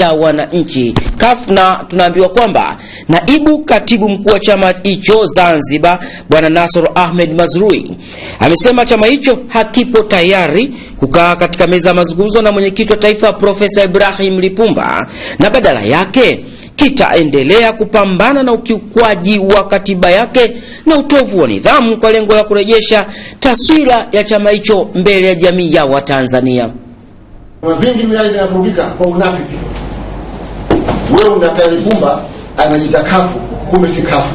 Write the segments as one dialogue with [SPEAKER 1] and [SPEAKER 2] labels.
[SPEAKER 1] ya wananchi CUF, na tunaambiwa kwamba naibu katibu mkuu wa chama hicho Zanzibar, bwana Nasr Ahmed Mazrui amesema chama hicho hakipo tayari kukaa katika meza ya mazungumzo na mwenyekiti wa taifa Profesa Ibrahim Lipumba na badala yake kitaendelea kupambana na ukiukwaji wa katiba yake na utovu wa nidhamu kwa lengo la kurejesha taswira ya chama hicho mbele ya jamii ya Watanzania.
[SPEAKER 2] Vingi duniani vinavurugika kwa unafiki wewe unakaa Lipumba anajita kafu, kumbe si kafu.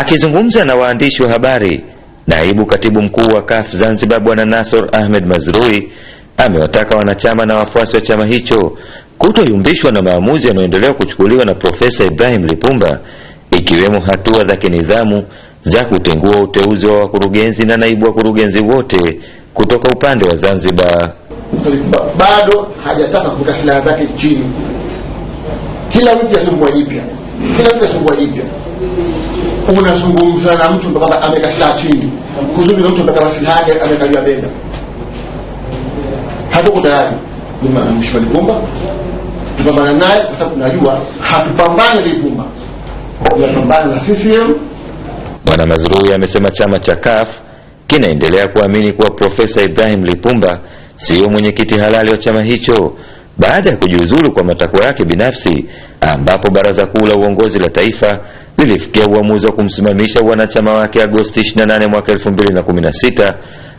[SPEAKER 1] Akizungumza na waandishi wa habari, naibu katibu mkuu wa kafu Zanzibar Bwana Nasor Ahmed Mazrui amewataka wanachama na wafuasi wa chama hicho kutoyumbishwa na maamuzi yanayoendelea kuchukuliwa na Profesa Ibrahim Lipumba, ikiwemo hatua za kinidhamu za kutengua uteuzi wa wakurugenzi na naibu wakurugenzi wote kutoka upande wa Zanzibar.
[SPEAKER 2] Bado hajataka kuweka silaha zake chini kila mtu asumbua jipya, kila mtu asumbua jipya. Unazungumza na mtu mpaka kwamba silaha chini, kuzuri na mtu mpaka maslahi yake amekalia bega, hatuko tayari. Mheshimiwa Lipumba tupambana naye kwa sababu najua hatupambani Lipumba, tunapambana na CCM.
[SPEAKER 1] Bwana Mazrui amesema chama cha kaf kinaendelea kuamini kuwa Profesa Ibrahim Lipumba sio mwenyekiti halali wa chama hicho baada ya kujiuzulu kwa matakwa yake binafsi, ambapo Baraza Kuu la Uongozi la Taifa lilifikia uamuzi wa kumsimamisha wanachama wake Agosti 28 mwaka 2016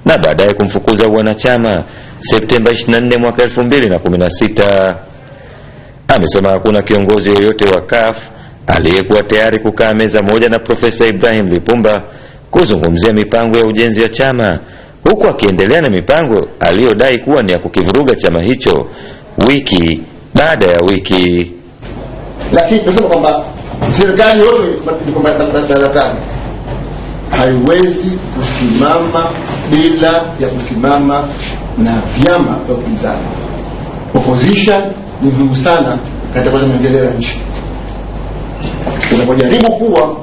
[SPEAKER 1] na baadaye kumfukuza uwanachama Septemba 24 mwaka 2016. Amesema hakuna kiongozi yoyote wa caf aliyekuwa tayari kukaa meza moja na Profesa Ibrahim Lipumba kuzungumzia mipango ya ujenzi wa chama, huku akiendelea na mipango aliyodai kuwa ni ya kukivuruga chama hicho wiki baada ya wiki.
[SPEAKER 2] Lakini tunasema kwamba serikali yote iko madarakani haiwezi kusimama bila ya kusimama na vyama vya upinzani. Opposition ni muhimu sana katika kuleta maendeleo ya nchi. Unapojaribu kuwa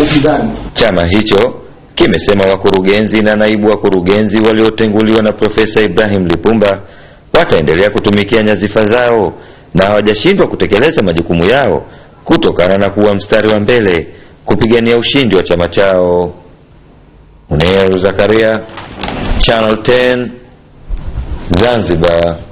[SPEAKER 2] upinzani,
[SPEAKER 1] chama hicho kimesema wakurugenzi na naibu wakurugenzi waliotenguliwa na Profesa Ibrahim Lipumba wataendelea kutumikia nyazifa zao na hawajashindwa kutekeleza majukumu yao kutokana na kuwa mstari wa mbele kupigania ushindi wa chama chao. Munir Zakaria, Channel 10, Zanzibar.